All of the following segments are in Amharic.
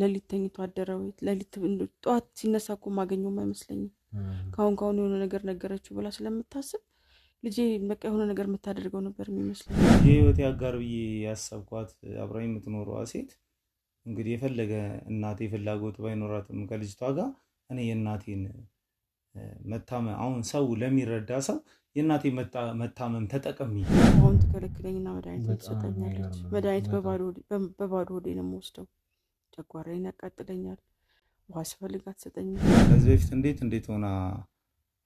ለሊት ተኝቶ አደረ ወይ? ለሊት ጠዋት ሲነሳ እኮ ማገኘውም አይመስለኝም። ከአሁን ካሁን የሆነ ነገር ነገረችው ብላ ስለምታስብ ልጄ በቃ የሆነ ነገር የምታደርገው ነበር የሚመስለኝ። የህይወቴ አጋር ብዬ ያሰብኳት አብራኝ የምትኖረዋ ሴት እንግዲህ የፈለገ እናቴ ፍላጎት ባይኖራትም ከልጅቷ ጋር እኔ የእናቴን መታመም አሁን ሰው ለሚረዳ ሰው የእናቴ መታመም ተጠቀሚ። አሁን ትከለክለኝና መድኃኒት ትሰጠኛለች። መድኃኒት በባዶ ሆዴ ነው የምወስደው። ጨጓራዬን ያቃጥለኛል። ውሃ ስፈልግ አትሰጠኝም። ከዚህ በፊት እንዴት እንዴት ሆና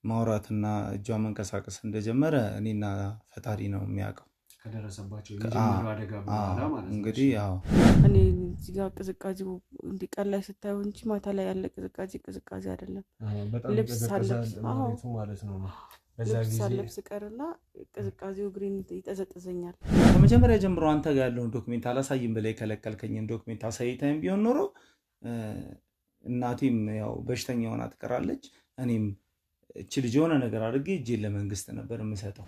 ማውራትና እጇ መንቀሳቀስ እንደጀመረ እኔና ፈጣሪ ነው የሚያውቀው። ከደረሰባቸው አደጋ እንግዲህ ያው እኔ እዚህ ጋር ቅዝቃዜው እንዲቀን ላይ ስታየው እንጂ ማታ ላይ ያለ ቅዝቃዜ ቅዝቃዜ አይደለም። ልብስ ሳለብስ ማለት ነው ልብስ ሳለብስ ቀርና ቅዝቃዜው ግሪን ይጠዘጥዘኛል። ከመጀመሪያ ጀምሮ አንተ ጋር ያለውን ዶክሜንት አላሳይም ብላ የከለከልከኝን ዶክሜንት አሳይታይም ቢሆን ኖሮ እናቴም ያው በሽተኛ ሆና ትቀራለች። እኔም እች ልጅ የሆነ ነገር አድርጌ እጄን ለመንግስት ነበር የምሰጠው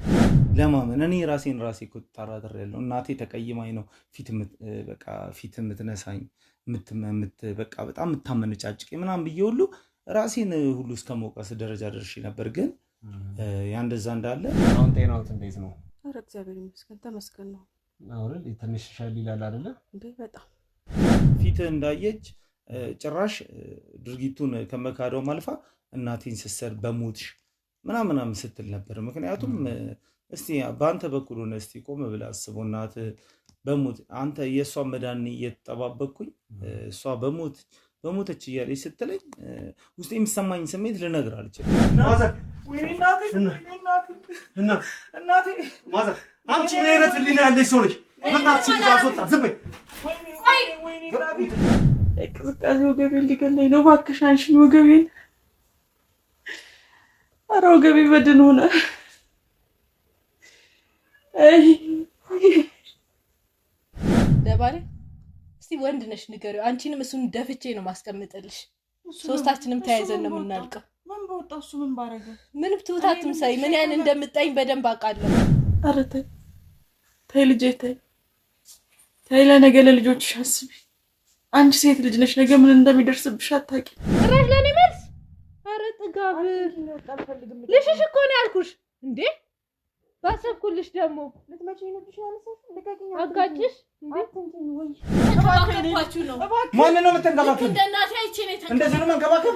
ለማመን። እኔ ራሴን ራሴ ኮታራተር ያለው እናቴ ተቀይማኝ ነው ፊት የምትነሳኝ በቃ በጣም የምታመነጫጭቅ ምናምን ብዬ ሁሉ ራሴን ሁሉ እስከ መውቀስ ደረጃ ደርሼ ነበር ግን ያ እንደዛ እንዳለ አሁን ጤናውት እንዴት ነው? ኧረ እግዚአብሔር ይመስገን ተመስገን ነው። አሁን ትንሽ ሻል ይላል አይደለ? በጣም ፊት እንዳየች ጭራሽ ድርጊቱን ከመካደው ማልፋ እናቴን ስሰር በሞትሽ ምናምናም ስትል ነበር። ምክንያቱም እስቲ በአንተ በኩል ሆነ እስቲ ቆም ብለህ አስበው እናት በሞት አንተ የእሷ መዳን እየተጠባበቅኩኝ እሷ በሞት በሞተች እያለች ስትለኝ ውስጥ የሚሰማኝ ስሜት ልነግር አልችልም። አንቺ ምን ህሊና ያለሽ ሰው ነሽ? ቅዝቃዜ ወገቤን ሊገለኝ ነው። እባክሽ አንሽኝ ወገቤን። ኧረ ወገቤ በድን ሆነ። ደባሌ እስኪ ወንድ ነሽ ንገሪው። አንቺንም እሱን ደፍቼ ነው ማስቀምጥልሽ። ሶስታችንም ተያይዘን ነው የምናልቀው። ወጣሁ። እሱ ምን ባረገ? ምን ብትወጣ ትምሳይ ምን ያን እንደምጣኝ በደንብ አውቃለሁ። ኧረ ተይ ተይ ልጄ ተይ ተይ፣ ለነገ ለልጆችሽ አስቢ። አንቺ ሴት ልጅ ነሽ፣ ነገ ምን እንደሚደርስብሽ አታውቂም። ጭራሽ ለእኔ መልስ! ኧረ ጥጋብ ልሽሽ እኮ ነው ያልኩሽ እንዴ ባሰብኩልሽ ደግሞ አጋጭሽ። ማንን ነው የምትንከባከብ? እንደዚህ ነው መንከባከብ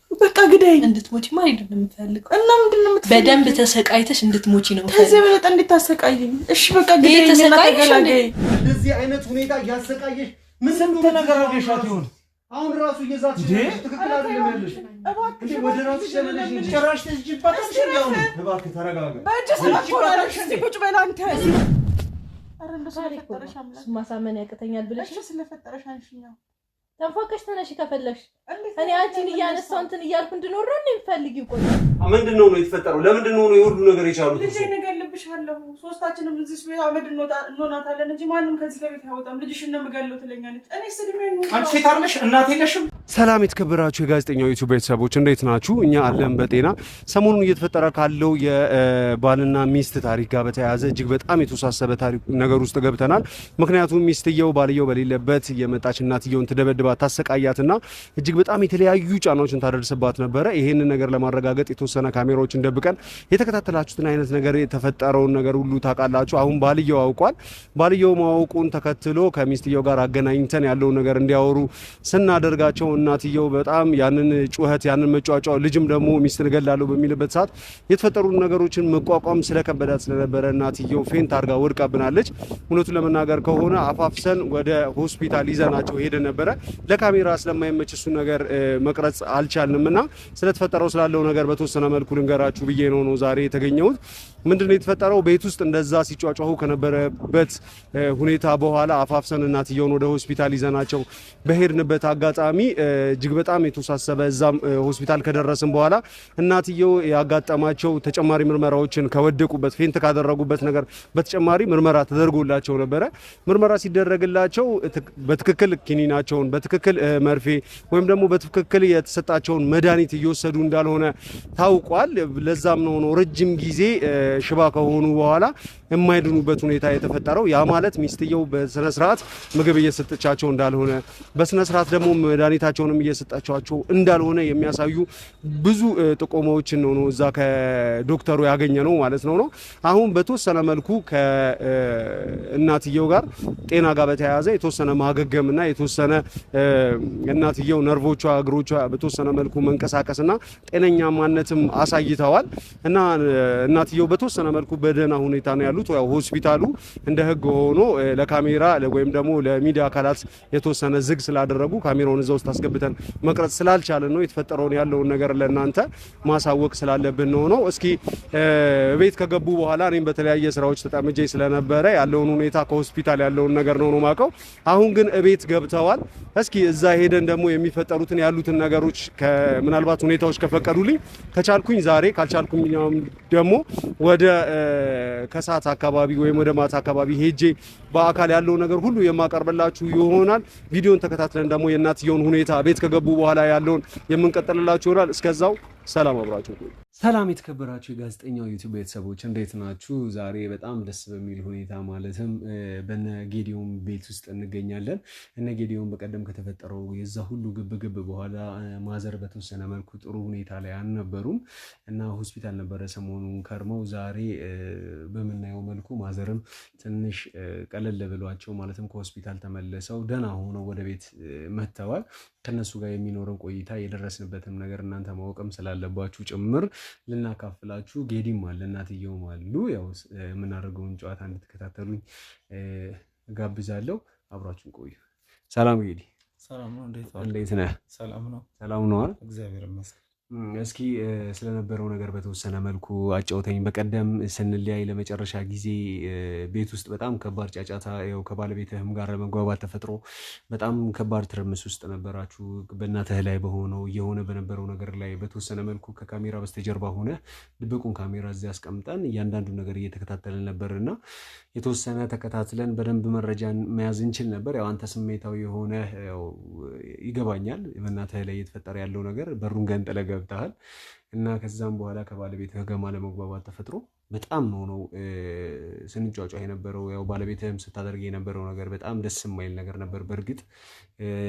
በቃ ግዳይ እንድትሞቺማ አይደለም የምፈልገው። እና ምንድን ነው የምትፈልገው? በደንብ ተሰቃይተሽ እንድትሞቺ ነው ከዚህ በለጠ እንድታሰቃይኝ። እሺ በቃ ግዳይ ተሰቃይሽ። እንደዚህ አይነት ሁኔታ እያሰቃየሽ ምን ስንት ነገር አድርገሻት ይሆን? አሁን ራሱ እየዛትሽ ጭራሽ ስለፈጠረሽ ማሳመን ያቅተኛል ብለሽ ስለፈጠረሽ አንሽኛው ተንፎቀሽ ተነሽ ከፈለግሽ። እኔ አንቺን እያነሳሁ እንትን እያልኩ እንድኖር ነው የምፈልጊው። ቆይ ምንድን ነው ነው የተፈጠረው? ለምንድን ነው ነው የሁሉ ነገር የቻሉት? ልጄ እገልብሻለሁ። ሶስታችንም እዚህ ቤት አመድ እንሆናታለን እንጂ ማንም ከዚህ ከቤት አይወጣም። ልጅሽን ነው የምገለው ትለኛለች። እኔ ስድሜ አንቺ ሴት አለሽ እናት የለሽም። ሰላም የተከበራችሁ የጋዜጠኛው ዩቲዩብ ቤተሰቦች እንዴት ናችሁ? እኛ አለን በጤና። ሰሞኑን እየተፈጠረ ካለው የባልና ሚስት ታሪክ ጋር በተያያዘ እጅግ በጣም የተወሳሰበ ታሪክ ነገር ውስጥ ገብተናል። ምክንያቱም ሚስትየው ባልየው በሌለበት የመጣች እናትየውን ትደበድባል ታሰቃያትና እጅግ በጣም የተለያዩ ጫናዎችን ታደርስባት ነበረ። ይህንን ነገር ለማረጋገጥ የተወሰነ ካሜራዎችን ደብቀን የተከታተላችሁትን አይነት ነገር የተፈጠረውን ነገር ሁሉ ታውቃላችሁ። አሁን ባልየው አውቋል። ባልየው ማወቁን ተከትሎ ከሚስትየው ጋር አገናኝተን ያለውን ነገር እንዲያወሩ ስናደርጋቸው እናትየው በጣም ያንን ጩኸት ያንን መጫጫ ልጅም ደግሞ ሚስትን እገላለሁ በሚልበት ሰዓት የተፈጠሩ ነገሮችን መቋቋም ስለከበዳት ስለነበረ እናትየው ፌንት አድርጋ ወድቃብናለች። እውነቱን ለመናገር ከሆነ አፋፍሰን ወደ ሆስፒታል ይዘናቸው ሄደ ነበረ። ለካሜራ ስለማይመች እሱን ነገር መቅረጽ አልቻልንም እና ስለተፈጠረው ስላለው ነገር በተወሰነ መልኩ ልንገራችሁ ብዬ ነው ነው ዛሬ የተገኘሁት። ምንድነው የተፈጠረው? ቤት ውስጥ እንደዛ ሲጫጫሁ ከነበረበት ሁኔታ በኋላ አፋፍሰን እናትየውን ወደ ሆስፒታል ይዘናቸው በሄድንበት አጋጣሚ እጅግ በጣም የተወሳሰበ እዛም ሆስፒታል ከደረስን በኋላ እናትየው ያጋጠማቸው ተጨማሪ ምርመራዎችን ከወደቁበት ፌንት ካደረጉበት ነገር በተጨማሪ ምርመራ ተደርጎላቸው ነበረ። ምርመራ ሲደረግላቸው በትክክል ኪኒናቸውን በትክክል መርፌ ወይም ደግሞ በትክክል የተሰጣቸውን መድኃኒት እየወሰዱ እንዳልሆነ ታውቋል። ለዛም ነው ነው ረጅም ጊዜ ሽባ ከሆኑ በኋላ የማይድኑበት ሁኔታ የተፈጠረው። ያ ማለት ሚስትየው በስነ ስርዓት ምግብ እየሰጠቻቸው እንዳልሆነ፣ በስነ ስርዓት ደግሞ መድኃኒታቸውንም እየሰጠቻቸው እንዳልሆነ የሚያሳዩ ብዙ ጥቆማዎችን ነው ነው እዛ ከዶክተሩ ያገኘ ነው ማለት ነው ነው አሁን በተወሰነ መልኩ ከእናትየው ጋር ጤና ጋር በተያያዘ የተወሰነ ማገገምና የተወሰነ እናትየው ነርቮቿ እግሮቿ በተወሰነ መልኩ መንቀሳቀስና ጤነኛ ማነትም አሳይተዋል እና እናትየው በተወሰነ መልኩ በደህና ሁኔታ ነው ያሉት። ያው ሆስፒታሉ እንደ ህግ ሆኖ ለካሜራ ወይም ደግሞ ለሚዲያ አካላት የተወሰነ ዝግ ስላደረጉ ካሜራውን እዛ ውስጥ አስገብተን መቅረጽ ስላልቻለን ነው የተፈጠረውን ያለውን ነገር ለእናንተ ማሳወቅ ስላለብን ነው ነው እስኪ ቤት ከገቡ በኋላ እኔም በተለያየ ስራዎች ተጠምጄ ስለነበረ ያለውን ሁኔታ ከሆስፒታል ያለውን ነገር ነው ነው ማቀው። አሁን ግን እቤት ገብተዋል። እስኪ እዛ ሄደን ደግሞ የሚፈጠሩትን ያሉትን ነገሮች ምናልባት ሁኔታዎች ከፈቀዱልኝ ከቻልኩኝ ዛሬ ካልቻልኩኝ ደግሞ ወደ ከሰዓት አካባቢ ወይም ወደ ማታ አካባቢ ሄጄ በአካል ያለው ነገር ሁሉ የማቀርብላችሁ ይሆናል። ቪዲዮን ተከታትለን ደግሞ የእናትየውን ሁኔታ ቤት ከገቡ በኋላ ያለውን የምንቀጥልላችሁ ይሆናል። እስከዛው ሰላም አብራችሁ ሰላም የተከበራችሁ የጋዜጠኛው ዩቲዩብ ቤተሰቦች እንዴት ናችሁ? ዛሬ በጣም ደስ በሚል ሁኔታ ማለትም በነ ጌዲዮን ቤት ውስጥ እንገኛለን። እነ ጌዲዮን በቀደም ከተፈጠረው የዛ ሁሉ ግብግብ በኋላ ማዘር በተወሰነ መልኩ ጥሩ ሁኔታ ላይ አልነበሩም እና ሆስፒታል ነበረ ሰሞኑን ከርመው፣ ዛሬ በምናየው መልኩ ማዘርም ትንሽ ቀለል ብሏቸው ማለትም ከሆስፒታል ተመልሰው ደህና ሆነው ወደ ቤት መጥተዋል። ከእነሱ ጋር የሚኖረን ቆይታ የደረስንበትም ነገር እናንተ ማወቅም ስላለባችሁ ጭምር ልናካፍላችሁ ጌዲም አለ እናትየውም አሉ። ያው የምናደርገውን ጨዋታ እንድትከታተሉኝ ጋብዛለሁ። አብራችሁን ቆዩ። ሰላም ጌዲ፣ ሰላም ነው። እንዴት ነህ? ሰላም ነው። ሰላም ነው። እግዚአብሔር ይመስገን። እስኪ ስለነበረው ነገር በተወሰነ መልኩ አጫውተኝ። በቀደም ስንለያይ ለመጨረሻ ጊዜ ቤት ውስጥ በጣም ከባድ ጫጫታ፣ ያው ከባለቤትህም ጋር መግባባት ተፈጥሮ በጣም ከባድ ትርምስ ውስጥ ነበራችሁ። በእናትህ ላይ በሆነው እየሆነ በነበረው ነገር ላይ በተወሰነ መልኩ ከካሜራ በስተጀርባ ሆነ ድብቁን ካሜራ እዚህ አስቀምጠን እያንዳንዱ ነገር እየተከታተልን ነበር እና የተወሰነ ተከታትለን በደንብ መረጃን መያዝ እንችል ነበር። ያው አንተ ስሜታዊ የሆነ ይገባኛል። በእናትህ ላይ እየተፈጠረ ያለው ነገር በሩን ገንጥለህ ገብተሃል እና ከዛም በኋላ ከባለቤትህ ጋር አለመግባባት ተፈጥሮ በጣም ነው ነው ስንጫጫ የነበረው። ያው ባለቤትህም ስታደርግ የነበረው ነገር በጣም ደስ የማይል ነገር ነበር። በእርግጥ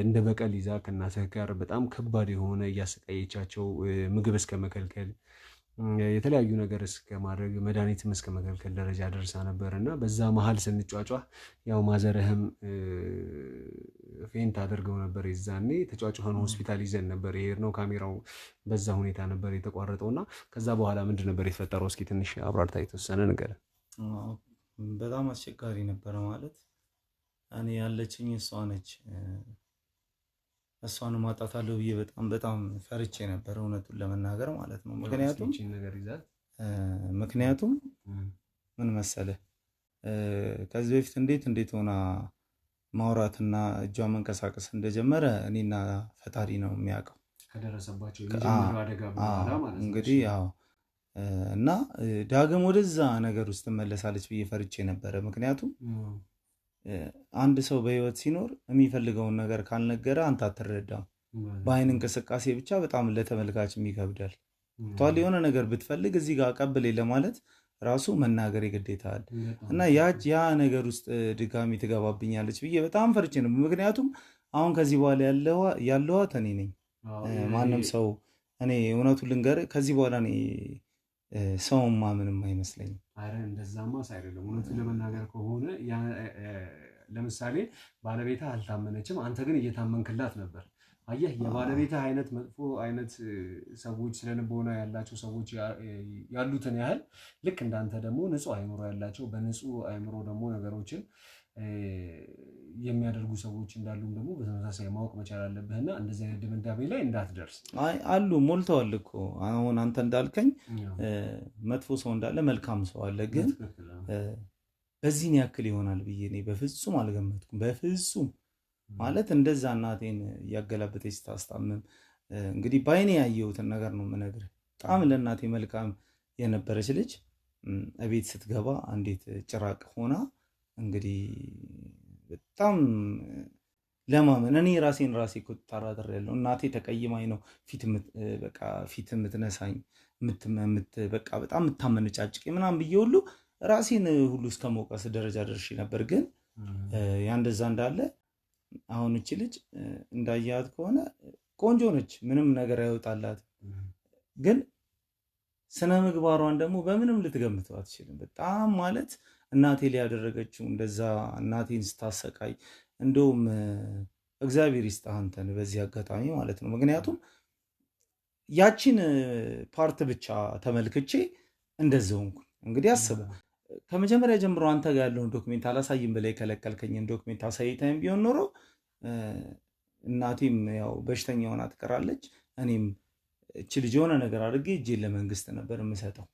እንደ በቀል ይዛ ከእናትህ ጋር በጣም ከባድ የሆነ እያሰቃየቻቸው ምግብ እስከ መከልከል የተለያዩ ነገር እስከ ማድረግ መድኃኒትም እስከ መከልከል ደረጃ ደርሳ ነበር እና በዛ መሀል ስንጫጫ ያው ማዘርህም ፌንት አድርገው ነበር። የዛኔ ተጫጭሆን ሆስፒታል ይዘን ነበር የሄድነው። ካሜራው በዛ ሁኔታ ነበር የተቋረጠው እና ከዛ በኋላ ምንድን ነበር የተፈጠረው? እስኪ ትንሽ አብራርታ የተወሰነ ነገር። በጣም አስቸጋሪ ነበረ ማለት እኔ ያለችኝ እሷ ነች እሷን ማጣታለሁ ብዬ በጣም በጣም ፈርቼ ነበር፣ እውነቱን ለመናገር ማለት ነው። ምክንያቱም ምክንያቱም ምን መሰለ ከዚህ በፊት እንዴት እንዴት ሆና ማውራትና እጇ መንቀሳቀስ እንደጀመረ እኔና ፈጣሪ ነው የሚያውቀው። ከደረሰባቸው እንግዲህ ያው እና ዳግም ወደዛ ነገር ውስጥ ትመለሳለች ብዬ ፈርቼ ነበረ ምክንያቱም አንድ ሰው በህይወት ሲኖር የሚፈልገውን ነገር ካልነገረ አንተ አትረዳም። በአይን እንቅስቃሴ ብቻ በጣም ለተመልካች ይከብዳል። ቷል የሆነ ነገር ብትፈልግ እዚህ ጋር ቀብሌ ለማለት ራሱ መናገር የግዴታ አለ እና ያ ነገር ውስጥ ድጋሚ ትገባብኛለች ብዬ በጣም ፈርቼ ነው። ምክንያቱም አሁን ከዚህ በኋላ ያለዋት እኔ ነኝ። ማንም ሰው እኔ እውነቱ ልንገር ከዚህ በኋላ ሰውማ ማምንም አይመስለኝም። አረ እንደዛማ አይደለም። እውነቱን ለመናገር ከሆነ ለምሳሌ ባለቤታ አልታመነችም፣ አንተ ግን እየታመንክላት ነበር አየህ የባለቤት አይነት መጥፎ አይነት ሰዎች ስለልቦና ያላቸው ሰዎች ያሉትን ያህል ልክ እንዳንተ ደግሞ ንጹህ አይምሮ ያላቸው በንጹህ አይምሮ ደግሞ ነገሮችን የሚያደርጉ ሰዎች እንዳሉም ደግሞ በተመሳሳይ ማወቅ መቻል አለብህና እንደዚህ አይነት ድምዳሜ ላይ እንዳትደርስ። አይ አሉ ሞልተዋል እኮ አሁን አንተ እንዳልከኝ መጥፎ ሰው እንዳለ መልካም ሰው አለ። ግን በዚህን ያክል ይሆናል ብዬ እኔ በፍጹም አልገመትኩም። በፍጹም ማለት እንደዛ እናቴን እያገላበጠች ስታስታምም እንግዲህ በአይኔ ያየሁትን ነገር ነው የምነግርህ። በጣም ለእናቴ መልካም የነበረች ልጅ እቤት ስትገባ እንዴት ጭራቅ ሆና እንግዲህ በጣም ለማመን እኔ ራሴን ራሴ ኩታራጥር ያለው እናቴ ተቀይማኝ ነው ፊት የምትነሳኝ በቃ በጣም የምታመነጫጭቅ ምናምን ብዬ ሁሉ ራሴን ሁሉ እስከ መውቀስ ደረጃ ደርሼ ነበር። ግን ያ እንደዛ እንዳለ አሁን እቺ ልጅ እንዳያት ከሆነ ቆንጆ ነች፣ ምንም ነገር አይወጣላት። ግን ስነ ምግባሯን ደግሞ በምንም ልትገምተው አትችልም። በጣም ማለት እናቴ ሊያደረገችው እንደዛ እናቴን ስታሰቃይ፣ እንደውም እግዚአብሔር ይስጥህ አንተን በዚህ አጋጣሚ ማለት ነው። ምክንያቱም ያቺን ፓርት ብቻ ተመልክቼ እንደዚያው እንግዲህ አስበው ከመጀመሪያ ጀምሮ አንተ ጋር ያለውን ዶክሜንት አላሳይም ብለህ የከለከልከኝን ዶክሜንት አሳይታይም ቢሆን ኖሮ እናቴም ያው በሽተኛ ሆና ትቀራለች። እኔም እች ልጅ የሆነ ነገር አድርጌ እጄን ለመንግስት ነበር የምሰጠው።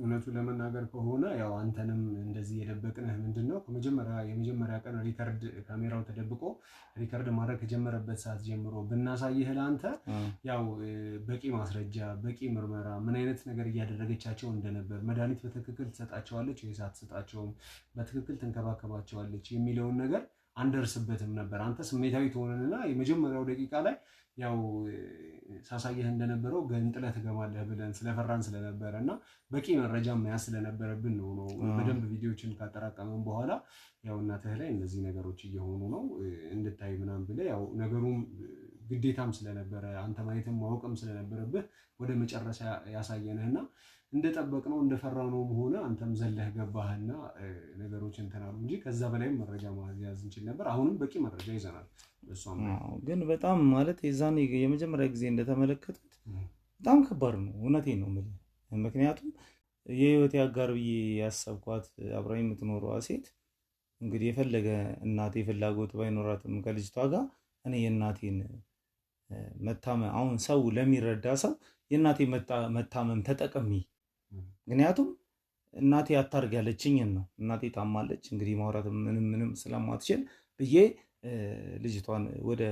እውነቱ ለመናገር ከሆነ ያው አንተንም እንደዚህ የደበቅንህ ምንድን ነው ከመጀመሪያ የመጀመሪያ ቀን ሪከርድ ካሜራው ተደብቆ ሪከርድ ማድረግ ከጀመረበት ሰዓት ጀምሮ ብናሳይህ ለአንተ ያው በቂ ማስረጃ፣ በቂ ምርመራ፣ ምን አይነት ነገር እያደረገቻቸው እንደነበር፣ መድኃኒት በትክክል ትሰጣቸዋለች ወይስ አትሰጣቸውም፣ በትክክል ትንከባከባቸዋለች የሚለውን ነገር አንደርስበትም ነበር። አንተ ስሜታዊ ትሆንና የመጀመሪያው ደቂቃ ላይ ያው ሳሳየህ እንደነበረው ገንጥለህ ትገባለህ ብለን ስለፈራን ስለነበረ እና በቂ መረጃ መያዝ ስለነበረብን ነው ነው በደንብ ቪዲዮችን ካጠራቀመን በኋላ ያው እናትህ ላይ እነዚህ ነገሮች እየሆኑ ነው እንድታይ ምናምን ብለህ ያው ነገሩም ግዴታም ስለነበረ አንተ ማየትም ማወቅም ስለነበረብህ ወደ መጨረሻ ያሳየንህና እንደጠበቅነው እንደፈራነውም ሆነ አንተም ዘለህ ገባህና ነገሮች እንትናሉ እንጂ ከዛ በላይም መረጃ ማያዝ እንችል ነበር። አሁንም በቂ መረጃ ይዘናል። ግን በጣም ማለት የዛን የመጀመሪያ ጊዜ እንደተመለከቱት በጣም ከባድ ነው። እውነቴ ነው። ምክንያቱም የህይወቴ አጋር ብዬ ያሰብኳት አብራ የምትኖረዋ ሴት እንግዲህ የፈለገ እናቴ ፍላጎት ባይኖራትም ከልጅቷ ጋር እኔ የእናቴን መታመም አሁን ሰው ለሚረዳ ሰው የእናቴ መታመም ተጠቅሚ ምክንያቱም እናቴ አታርግ ያለችኝን ነው። እናቴ ታማለች እንግዲህ ማውራት ምንም ምንም ስለማትችል ብዬ ልጅቷን ወደ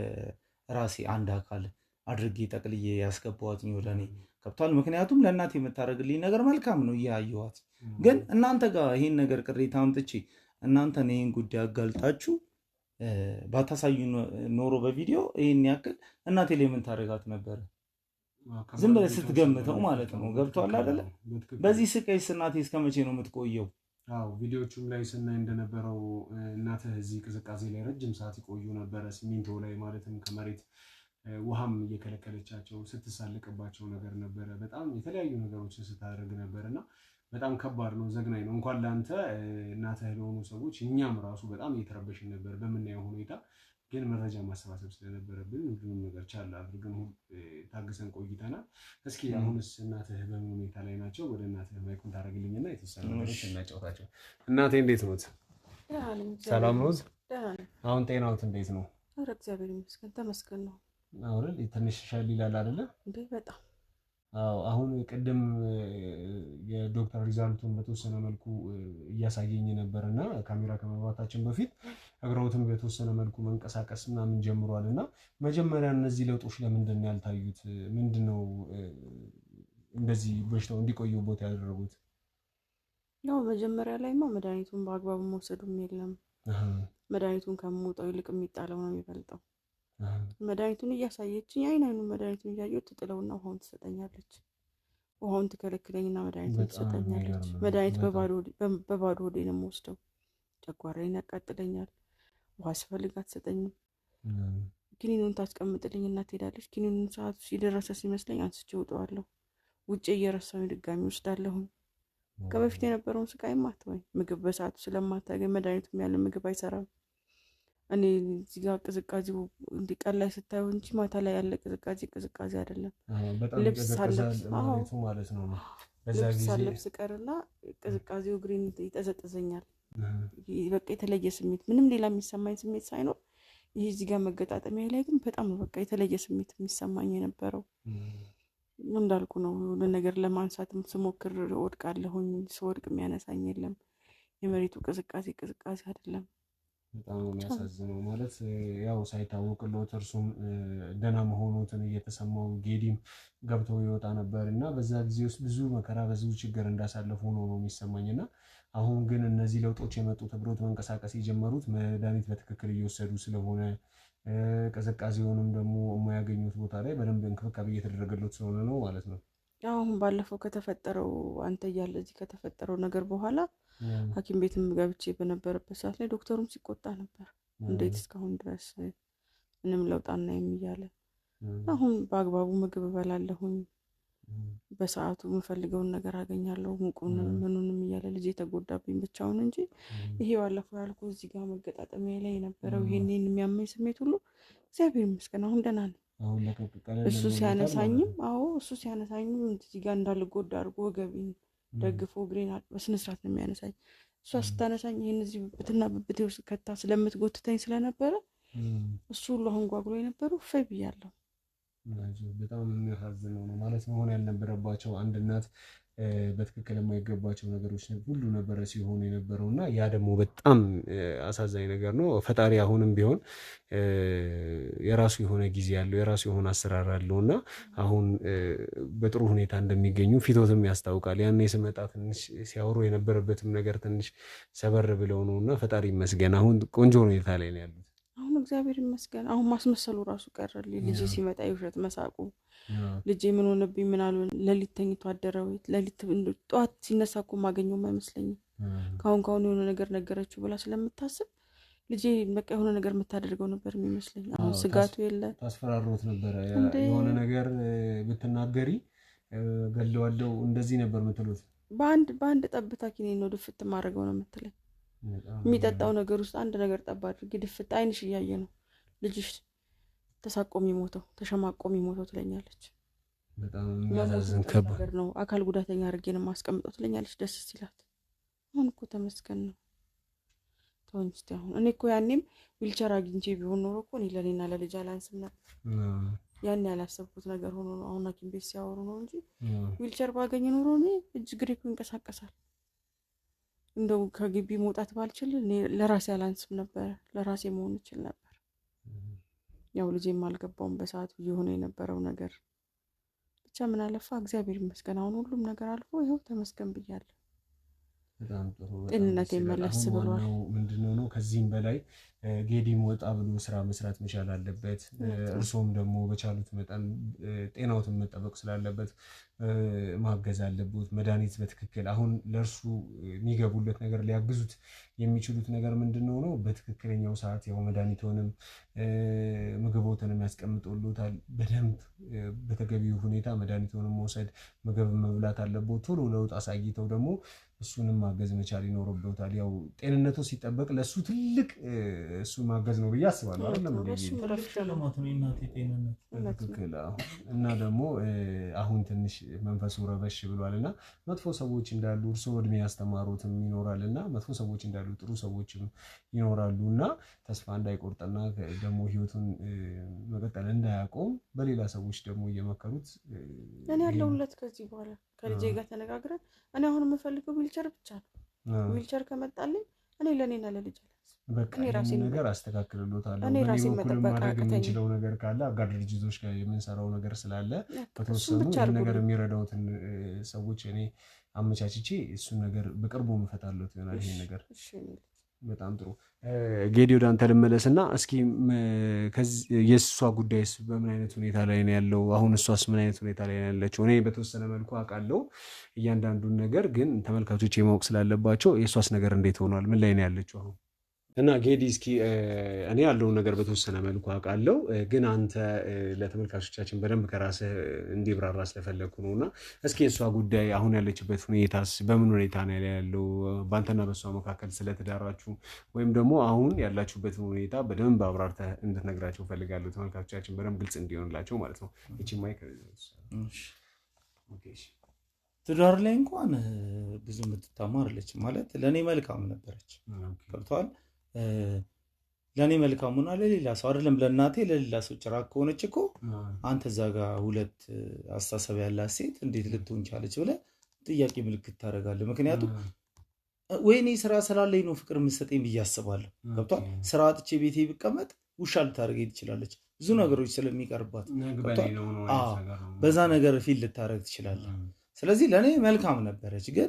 ራሴ አንድ አካል አድርጌ ጠቅልዬ ያስገባዋትኝ ወደ እኔ ከብቷል። ምክንያቱም ለእናቴ የምታደርግልኝ ነገር መልካም ነው እያየዋት፣ ግን እናንተ ጋር ይህን ነገር ቅሬታ አምጥቼ እናንተን ይህን ጉዳይ አጋልጣችሁ ባታሳዩ ኖሮ በቪዲዮ ይህን ያክል እናቴ ላይ ምን ታደርጋት ነበረ? ዝም ብለህ ስትገምተው ማለት ነው። ገብቷል አይደለ? በዚህ ስቃይስ እናቴ እስከመቼ ነው የምትቆየው? አዎ ቪዲዮቹም ላይ ስናይ እንደነበረው እናትህ እዚህ ቅዝቃዜ ላይ ረጅም ሰዓት ይቆዩ ነበረ። ሲሚንቶ ላይ ማለትም ከመሬት ውሃም እየከለከለቻቸው ስትሳልቅባቸው ነገር ነበረ። በጣም የተለያዩ ነገሮችን ስታደርግ ነበር እና በጣም ከባድ ነው፣ ዘግናኝ ነው። እንኳን ለአንተ እናትህ ለሆኑ ሰዎች እኛም ራሱ በጣም እየተረበሽን ነበር በምናየው ሁኔታ። ግን መረጃ ማሰባሰብ ስለነበረብን ሁሉንም ነገር ቻል አድርገን ታግሰን ቆይተናል። እስኪ አሁንስ እናትህ በምን ሁኔታ ላይ ናቸው? ወደ እናትህ ማይኩን ታደርግልኝና የተወሰነ ነገሮች እናጫውታቸው። እናቴ እንዴት ኖት? ሰላም ኖት? አሁን ጤናዎት እንዴት ነው? ኧረ እግዚአብሔር ይመስገን ተመስገን ነው። አሁን ትንሽ ሻል ይላል አይደለ? በጣም አሁን ቅድም የዶክተር ሪዛልቱን በተወሰነ መልኩ እያሳየኝ ነበር እና ካሜራ ከመግባታችን በፊት እግሮትም በተወሰነ መልኩ መንቀሳቀስ ምናምን ጀምሯል። እና መጀመሪያ እነዚህ ለውጦች ለምንድን ነው ያልታዩት? ምንድን ነው እንደዚህ በሽታው ቦታ ያደረጉት? ያው መጀመሪያ ላይማ መድኃኒቱን በአግባቡ መውሰዱም የለም መድኃኒቱን ከምወጣው ይልቅ የሚጣለው ነው የሚበልጠው መድኃኒቱን እያሳየችኝ አይን አይኑን መድኃኒቱን እያየሁ ትጥለውና ውሃውን ትሰጠኛለች። ውሃውን ትከለክለኝና መድኃኒቱን ትሰጠኛለች። መድኃኒት በባዶ ሆዴ ነው የምወስደው። ጨጓራዬን ያቃጥለኛል። ውሃ ስፈልግ አትሰጠኝም። ኪኒኑን ታስቀምጥልኝ እና ትሄዳለች። ኪኒኑን ሰዓቱ ሲደረሰ ሲመስለኝ አንስቼ ውጠዋለሁ። ውጭ እየረሳሁኝ ድጋሚ ወስዳለሁኝ። ከበፊት የነበረውን ስቃይ አትወኝ። ምግብ በሰዓቱ ስለማታገኝ መድኃኒቱም ያለ ምግብ አይሰራም። እኔ እዚህ ቅዝቃዜው እንዲህ ቀን ላይ ስታየው እንጂ ማታ ላይ ያለ ቅዝቃዜ ቅዝቃዜ አይደለም። ልብስ ሳለብስ ቀርና ቅዝቃዜው ግሪን ይጠዘጥዘኛል። በቃ የተለየ ስሜት ምንም ሌላ የሚሰማኝ ስሜት ሳይኖር ይህ እዚህ ጋር መገጣጠሚያ ላይ ግን በጣም በቃ የተለየ ስሜት የሚሰማኝ የነበረው እንዳልኩ ነው። የሆነ ነገር ለማንሳትም ስሞክር ወድቃለሁኝ። ስወድቅ የሚያነሳኝ የለም። የመሬቱ ቅዝቃዜ ቅዝቃዜ አይደለም። በጣም ነው የሚያሳዝነው። ማለት ያው ሳይታወቅለት እርሱም ደህና መሆኑትን እየተሰማው ጌዲም ገብተው ይወጣ ነበር እና በዛ ጊዜ ውስጥ ብዙ መከራ በብዙ ችግር እንዳሳለፉ ነው ነው የሚሰማኝ እና አሁን ግን እነዚህ ለውጦች የመጡ እብሮት መንቀሳቀስ የጀመሩት መድኃኒት በትክክል እየወሰዱ ስለሆነ ቅዝቃዜውንም ደግሞ የማያገኙት ቦታ ላይ በደንብ እንክብካቤ እየተደረገለት ስለሆነ ነው ማለት ነው። አሁን ባለፈው ከተፈጠረው አንተ እያለ እዚህ ከተፈጠረው ነገር በኋላ ሐኪም ቤትም ገብቼ በነበረበት ሰዓት ላይ ዶክተሩም ሲቆጣ ነበር። እንዴት እስካሁን ድረስ ምንም ለውጥ አናይም እያለ አሁን በአግባቡ ምግብ እበላለሁኝ፣ በሰዓቱ የምፈልገውን ነገር አገኛለሁ፣ ሙቁንም ምኑንም እያለ ልጅ የተጎዳብኝ ብቻውን እንጂ ይሄ ባለፈው ያልኩ እዚህ ጋር መገጣጠሚያ ላይ የነበረው ይሄን የሚያመኝ ስሜት ሁሉ እግዚአብሔር ይመስገን አሁን ደህና ነው። እሱ ሲያነሳኝም አዎ እሱ ሲያነሳኝም እዚህ ጋር እንዳልጎዳ አድርጎ ወገቤን ደግፎ እግሬን በስነ ስርዓት ነው የሚያነሳኝ። እሷ ስታነሳኝ ይህን እዚህ ብብትና ብብቴ ውስጥ ከታ ስለምትጎትተኝ ስለነበረ እሱ ሁሉ አሁን ጓጉሎ የነበረው ፈይ ብያለሁ። በጣም የሚያሳዝነው ነው ማለት መሆን ያልነበረባቸው አንድ እናት በትክክል የማይገባቸው ነገሮች ሁሉ ነበረ ሲሆኑ የነበረው እና ያ ደግሞ በጣም አሳዛኝ ነገር ነው። ፈጣሪ አሁንም ቢሆን የራሱ የሆነ ጊዜ ያለው የራሱ የሆነ አሰራር አለው እና አሁን በጥሩ ሁኔታ እንደሚገኙ ፊቶትም ያስታውቃል። ያን የስመጣ ትንሽ ሲያወሩ የነበረበትም ነገር ትንሽ ሰበር ብለው ነው እና ፈጣሪ ይመስገን አሁን ቆንጆ ሁኔታ ላይ ነው ያሉት። አሁን እግዚአብሔር ይመስገን አሁን ማስመሰሉ ራሱ ቀረል። ልጅ ሲመጣ የውሸት መሳቁ ልጄ ምን ሆነብኝ ምን ለሊት ተኝቶ አደረ ወይ ለሊት ጠዋት ሲነሳ እኮ ማገኘውም አይመስለኝም። ካሁን ካሁን የሆነ ነገር ነገረችው ብላ ስለምታስብ ልጄ በቃ የሆነ ነገር የምታደርገው ነበር የሚመስለኝ። አሁን ስጋቱ የለ ታስፈራሮት ነበረ። የሆነ ነገር ብትናገሪ ገለዋለው እንደዚህ ነበር ምትሉት። በአንድ በአንድ ጠብታ ኪኒን ነው ድፍት ማድረገው ነው የምትለኝ። የሚጠጣው ነገር ውስጥ አንድ ነገር ጠብ አድርጊ ድፍት፣ አይንሽ እያየ ነው ልጅሽ ተሳቆሚ ሞተው ተሸማቆሚ ሞተው ትለኛለች። ነገር ነው አካል ጉዳተኛ አድርጌን ማስቀምጠው ትለኛለች። ደስ ሲላት አሁን እኮ ተመስገን ነው። ተወኝ እስኪ አሁን እኔ እኮ ያኔም ዊልቸር አግኝቼ ቢሆን ኖሮ እኮ እኔ ለእኔና ለልጅ አላንስም ነበር። ያን ያላሰብኩት ነገር ሆኖ ነው አሁን ሐኪም ቤት ሲያወሩ ነው እንጂ ዊልቸር ባገኝ ኖሮ እኔ እጅ ግሬኩ ይንቀሳቀሳል። እንደው ከግቢ መውጣት ባልችል ለራሴ አላንስም ነበረ። ለራሴ መሆን ይችል ነበር። ያው ልጄም አልገባውም በሰዓቱ እየሆነ የነበረው ነገር ብቻ ምን አለፋ እግዚአብሔር ይመስገን አሁን ሁሉም ነገር አልፎ ይኸው ተመስገን ብያለሁ። ጤንነት የመለስ ብሏል። ምንድነው ነው ከዚህም በላይ ጌዲም ወጣ ብሎ ስራ መስራት መቻል አለበት። እርሶም ደግሞ በቻሉት መጠን ጤናዎትን መጠበቅ ስላለበት ማገዝ አለበት። መድኃኒት በትክክል አሁን ለእርሱ የሚገቡለት ነገር ሊያግዙት የሚችሉት ነገር ምንድነው ነው በትክክለኛው ሰዓት ያው መድኃኒቶንም ምግቦትንም ያስቀምጦሎታል። በደንብ በተገቢው ሁኔታ መድኃኒቶንም መውሰድ ምግብ መብላት አለቦት። ቶሎ ለውጥ አሳይተው ደግሞ እሱንም ማገዝ መቻል ይኖርበታል። ያው ጤንነቱ ሲጠበቅ ለእሱ ትልቅ እሱ ማገዝ ነው ብዬ አስባለሁ። እና ደግሞ አሁን ትንሽ መንፈሱ ረበሽ ብሏል እና መጥፎ ሰዎች እንዳሉ እርሶ እድሜ ያስተማሩትም ይኖራል እና መጥፎ ሰዎች እንዳሉ ጥሩ ሰዎችም ይኖራሉ እና ተስፋ እንዳይቆርጥና ደግሞ ህይወቱን መቀጠል እንዳያቆም በሌላ ሰዎች ደግሞ እየመከሩት እኔ ያለሁለት ከዚህ በኋላ ከልጄ ጋር ተነጋግረን እኔ አሁን የምፈልገው ዊልቸር ብቻ ነው። ዊልቸር ከመጣልኝ እኔ ለእኔና ለልጅ ነገር አስተካክልሎታለሁ። እኔ ራሴ መጠበቅ የምንችለው ነገር ካለ አጋር ድርጅቶች ጋር የምንሰራው ነገር ስላለ በተወሰኑ ነገር የሚረዳውትን ሰዎች እኔ አመቻችቼ እሱን ነገር በቅርቡ መፈታለት ይሆናል ይሄን ነገር በጣም ጥሩ ጌዲ፣ ወደ አንተ ልመለስ እና እስኪ የእሷ ጉዳይስ በምን አይነት ሁኔታ ላይ ነው ያለው? አሁን እሷስ ምን አይነት ሁኔታ ላይ ነው ያለችው? እኔ በተወሰነ መልኩ አውቃለሁ እያንዳንዱን ነገር፣ ግን ተመልካቾች የማወቅ ስላለባቸው የእሷስ ነገር እንዴት ሆኗል? ምን ላይ ነው ያለችው አሁን? እና ጌዲ እስኪ እኔ ያለውን ነገር በተወሰነ መልኩ አውቃለሁ፣ ግን አንተ ለተመልካቾቻችን በደንብ ከራስህ እንዲብራራ ስለፈለግኩ ነው። እና እስኪ የእሷ ጉዳይ አሁን ያለችበት ሁኔታስ በምን ሁኔታ ነው ያለው? በአንተና በእሷ መካከል ስለትዳራችሁ ወይም ደግሞ አሁን ያላችሁበትን ሁኔታ በደንብ አብራርተህ እንድትነግራቸው ፈልጋለሁ። ተመልካቾቻችን በደንብ ግልጽ እንዲሆንላቸው ማለት ነው። ይቺ ማይክ ትዳር ላይ እንኳን ብዙ የምትታማ አለች ማለት ለእኔ መልካም ነበረች። ገብተዋል ለእኔ መልካም ሆና ለሌላ ሰው አይደለም፣ ለእናቴ ለሌላ ሰው ጭራቅ ከሆነች እኮ አንተ እዛ ጋር ሁለት አስተሳሰብ ያላት ሴት እንዴት ልትሆን ቻለች ብለህ ጥያቄ ምልክት ታደርጋለህ። ምክንያቱም ወይኔ ስራ ስላለኝ ነው ፍቅር የምትሰጠኝ ብዬ አስባለሁ። ገብቷል። ስራ አጥቼ ቤቴ ብቀመጥ ውሻ ልታደርገኝ ትችላለች። ብዙ ነገሮች ስለሚቀርባት በዛ ነገር ፊል ልታደርግ ትችላለህ። ስለዚህ ለእኔ መልካም ነበረች። ግን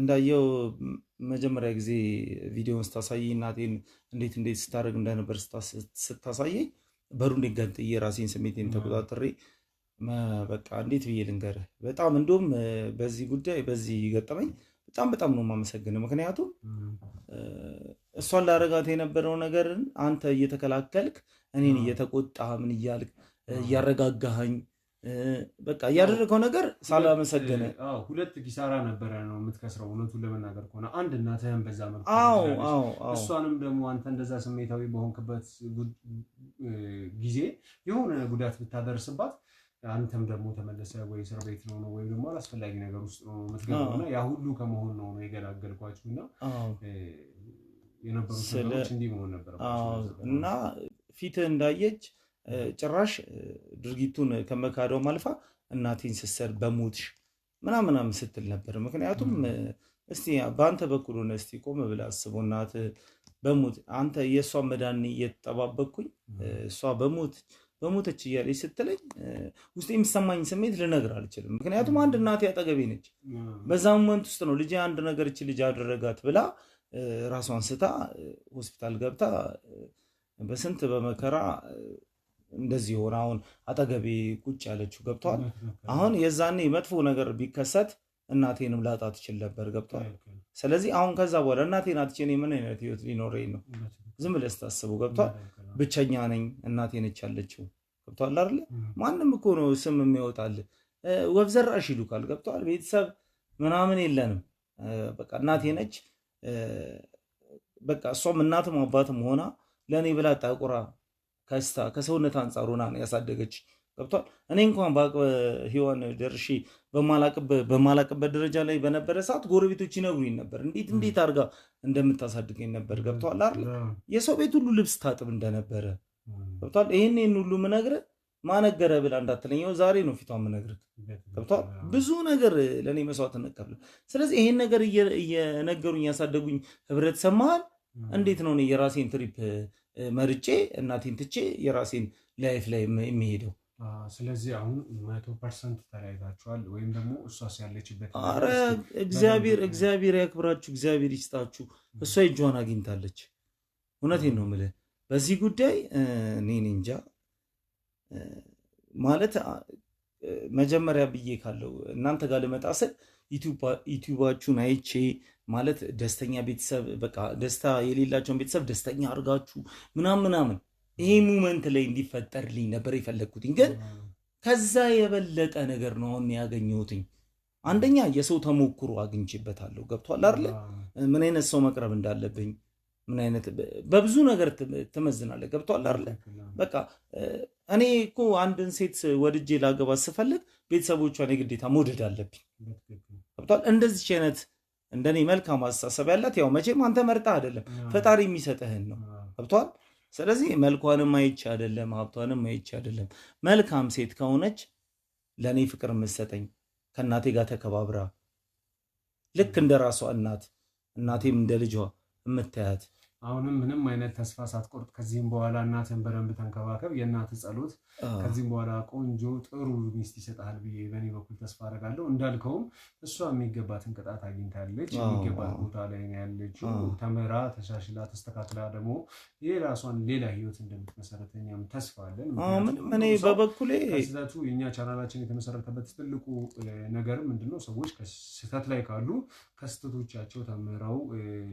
እንዳየው መጀመሪያ ጊዜ ቪዲዮን ስታሳይ እናቴን እንዴት እንዴት ስታደርግ እንደነበር ስታሳየኝ በሩ እንዴት ገንጥዬ ስሜት ስሜቴን ተቆጣጥሬ በቃ እንዴት ብዬ ልንገር በጣም እንዲሁም በዚህ ጉዳይ በዚህ ገጠመኝ በጣም በጣም ነው የማመሰግነው። ምክንያቱም እሷን ላረጋት የነበረው ነገርን አንተ እየተከላከልክ እኔን እየተቆጣ ምን እያልክ እያረጋጋኸኝ በቃ እያደረገው ነገር ሳላመሰገነ ሁለት ኪሳራ ነበረ ነው የምትከስረው። እውነቱን ለመናገር ከሆነ አንድ እናትህን በዛ መልኩ እሷንም ደግሞ አንተ እንደዛ ስሜታዊ በሆንክበት ጊዜ የሆነ ጉዳት ብታደርስባት አንተም ደግሞ ተመለሰ ወይ እስር ቤት ነው ነው ወይም ደግሞ አላስፈላጊ ነገር ውስጥ ነው የምትገባው እና ያ ሁሉ ከመሆን ነው ነው የገላገልኳችሁ እና የነበሩት ነገሮች እንዲህ መሆን ነበር እና ፊትህ እንዳየች ጭራሽ ድርጊቱን ከመካደው ማልፋ እናቴን ስሰር በሞትሽ ምናምናም ስትል ነበር። ምክንያቱም እስቲ በአንተ በኩል ሆነ እስቲ ቆም ብለህ አስበው፣ እናት በሞት አንተ የእሷ መዳን እየተጠባበቅኩኝ እሷ በሞት በሞተች እያለች ስትለኝ ውስጥ የሚሰማኝ ስሜት ልነግር አልችልም። ምክንያቱም አንድ እናቴ አጠገቤ ነች። በዛ ሞመንት ውስጥ ነው ልጄ አንድ ነገር እች ልጅ አደረጋት ብላ ራሷን ስታ ሆስፒታል ገብታ በስንት በመከራ እንደዚህ ሆነ። አሁን አጠገቤ ቁጭ ያለችው ገብተዋል። አሁን የዛኔ መጥፎ ነገር ቢከሰት እናቴንም ላጣ ትችል ነበር። ገብተዋል። ስለዚህ አሁን ከዛ በኋላ እናቴን አትችን እኔ ምን አይነት ህይወት ሊኖረኝ ነው? ዝም ብለህ ስታስበው ገብተዋል። ብቸኛ ነኝ፣ እናቴ ያለችው። ገብተዋል አለ ማንም እኮ ነው ስም የሚወጣል። ወብዘራሽ ይሉካል። ገብተዋል። ቤተሰብ ምናምን የለንም። በቃ እናቴ ነች። በቃ እሷም እናትም አባትም ሆና ለእኔ ብላ ጠቁራ ከሰውነት አንጻር ሆና ነው ያሳደገች። ገብቷል። እኔ እንኳን በህይዋን ደርሼ በማላቅበት ደረጃ ላይ በነበረ ሰዓት ጎረቤቶች ይነግሩኝ ነበር፣ እንዴት እንዴት አድርጋ እንደምታሳድገኝ ነበር። ገብቷል አይደል? የሰው ቤት ሁሉ ልብስ ታጥብ እንደነበረ ገብቷል። ይህን ይህን ሁሉ ምነግርህ ማነገረ ብላ እንዳትለኝ፣ ዛሬ ነው ፊቷ ምነግር ገብቷል። ብዙ ነገር ለእኔ መስዋዕት እንቀብል። ስለዚህ ይሄን ነገር እየነገሩኝ ያሳደጉኝ ህብረት መሃል እንዴት ነው የራሴን ትሪፕ መርጬ እናቴን ትቼ የራሴን ላይፍ ላይ የሚሄደው። ስለዚህ አሁን መቶ ፐርሰንት ተለያይታችኋል ወይም ደግሞ እሷስ ያለችበት? እግዚአብሔር እግዚአብሔር ያክብራችሁ፣ እግዚአብሔር ይስጣችሁ። እሷ እጇን አግኝታለች። እውነቴን ነው የምልህ በዚህ ጉዳይ እኔ እንጃ ማለት መጀመሪያ ብዬ ካለው እናንተ ጋር ልመጣ ስል ዩቲዩባችሁን አይቼ ማለት ደስተኛ ቤተሰብ በቃ ደስታ የሌላቸውን ቤተሰብ ደስተኛ አድርጋችሁ ምናም ምናምን ይሄ ሙመንት ላይ እንዲፈጠርልኝ ነበር የፈለግኩትኝ። ግን ከዛ የበለጠ ነገር ነው አሁን ያገኘሁትኝ። አንደኛ የሰው ተሞክሮ አግኝቼበታለሁ። ገብቷል አይደለ? ምን አይነት ሰው መቅረብ እንዳለብኝ ምን አይነት በብዙ ነገር ትመዝናለ ገብቷል አይደለ? በቃ እኔ እኮ አንድን ሴት ወድጄ ላገባ ስፈልግ ቤተሰቦቿን የግዴታ መውደድ አለብኝ። ገብቷል እንደዚህ አይነት እንደኔ መልካም አስተሳሰብ ያላት ያው መቼም አንተ መርጣ አይደለም ፈጣሪ የሚሰጥህን ነው ገብቷል። ስለዚህ መልኳንም አይቼ አይደለም ሀብቷንም አይቼ አይደለም። መልካም ሴት ከሆነች ለእኔ ፍቅር የምትሰጠኝ ከእናቴ ጋር ተከባብራ ልክ እንደ ራሷ እናት እናቴም እንደ ልጇ የምታያት አሁንም ምንም አይነት ተስፋ ሳትቆርጥ ከዚህም በኋላ እናትን በደንብ ተንከባከብ። የእናት ጸሎት ከዚህም በኋላ ቆንጆ ጥሩ ሚስት ይሰጣል ብዬ በእኔ በኩል ተስፋ አደርጋለሁ። እንዳልከውም እሷ የሚገባትን ቅጣት አግኝታለች። የሚገባት ቦታ ላይ ነው ያለችው። ተምራ ተሻሽላ ተስተካክላ ደግሞ የራሷን ሌላ ህይወት እንደምትመሰረተኛም ተስፋ አለን። እኔ በበኩሌ ከስህተቱ የእኛ ቻናላችን የተመሰረተበት ትልቁ ነገር ምንድነው? ሰዎች ከስህተት ላይ ካሉ ከስህተቶቻቸው ተምረው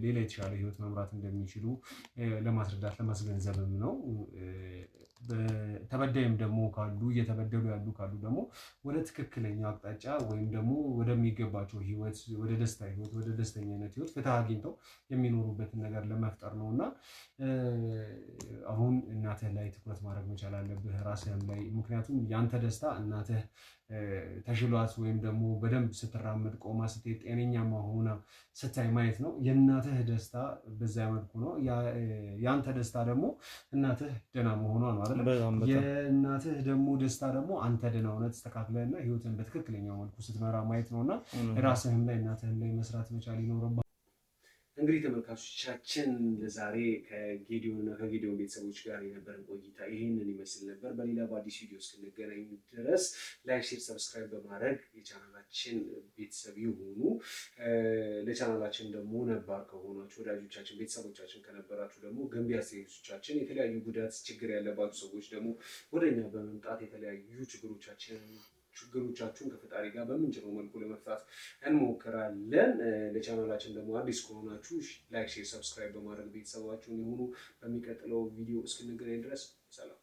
ሌላ የተሻለ ህይወት መምራት እንደሚችሉ ለማስረዳት ለማስገንዘብም ነው ተበዳይም ደግሞ ካሉ እየተበደሉ ያሉ ካሉ ደግሞ ወደ ትክክለኛ አቅጣጫ ወይም ደግሞ ወደሚገባቸው ህይወት፣ ወደ ደስታ ህይወት፣ ወደ ደስተኛነት ህይወት ፍትህ አግኝተው የሚኖሩበትን ነገር ለመፍጠር ነው እና አሁን እናትህ ላይ ትኩረት ማድረግ መቻል አለብህ፣ ራስህም ላይ ምክንያቱም ያንተ ደስታ እናትህ ተሽሏት ወይም ደግሞ በደንብ ስትራመድ ቆማ ስትሄድ ጤነኛ መሆና ስታይ ማየት ነው። የእናትህ ደስታ በዛ መልኩ ነው። ያንተ ደስታ ደግሞ እናትህ ደህና መሆኗ ነው። የእናትህ ደግሞ ደስታ ደግሞ አንተ ድና እውነት ተስተካክለህና ህይወትን በትክክለኛው መልኩ ስትመራ ማየት ነው እና ራስህም ላይ እናትህም ላይ መስራት መቻል ይኖርብሃል። እንግዲህ ተመልካቾቻችን ዛሬ ከጌዲዮን እና ከጌዲዮን ቤተሰቦች ጋር የነበረን ቆይታ ይህንን ይመስል ነበር። በሌላ በአዲስ ቪዲዮ እስክንገናኝ ድረስ ላይክ፣ ሼር፣ ሰብስክራይብ በማድረግ የቻናላችን ቤተሰብ የሆኑ ለቻናላችን ደግሞ ነባር ከሆናችሁ ወዳጆቻችን፣ ቤተሰቦቻችን ከነበራችሁ ደግሞ ገንቢ አስተያየቶቻችን፣ የተለያዩ ጉዳት ችግር ያለባችሁ ሰዎች ደግሞ ወደኛ በመምጣት የተለያዩ ችግሮቻችን ችግሮቻችሁን ከፈጣሪ ጋር በምንችለው መልኩ ለመፍታት እንሞክራለን። ለቻናላችን ደግሞ አዲስ ከሆናችሁ ላይክ፣ ሼር፣ ሰብስክራይብ በማድረግ ቤተሰባችሁን የሆኑ በሚቀጥለው ቪዲዮ እስክንገናኝ ድረስ ሰላም።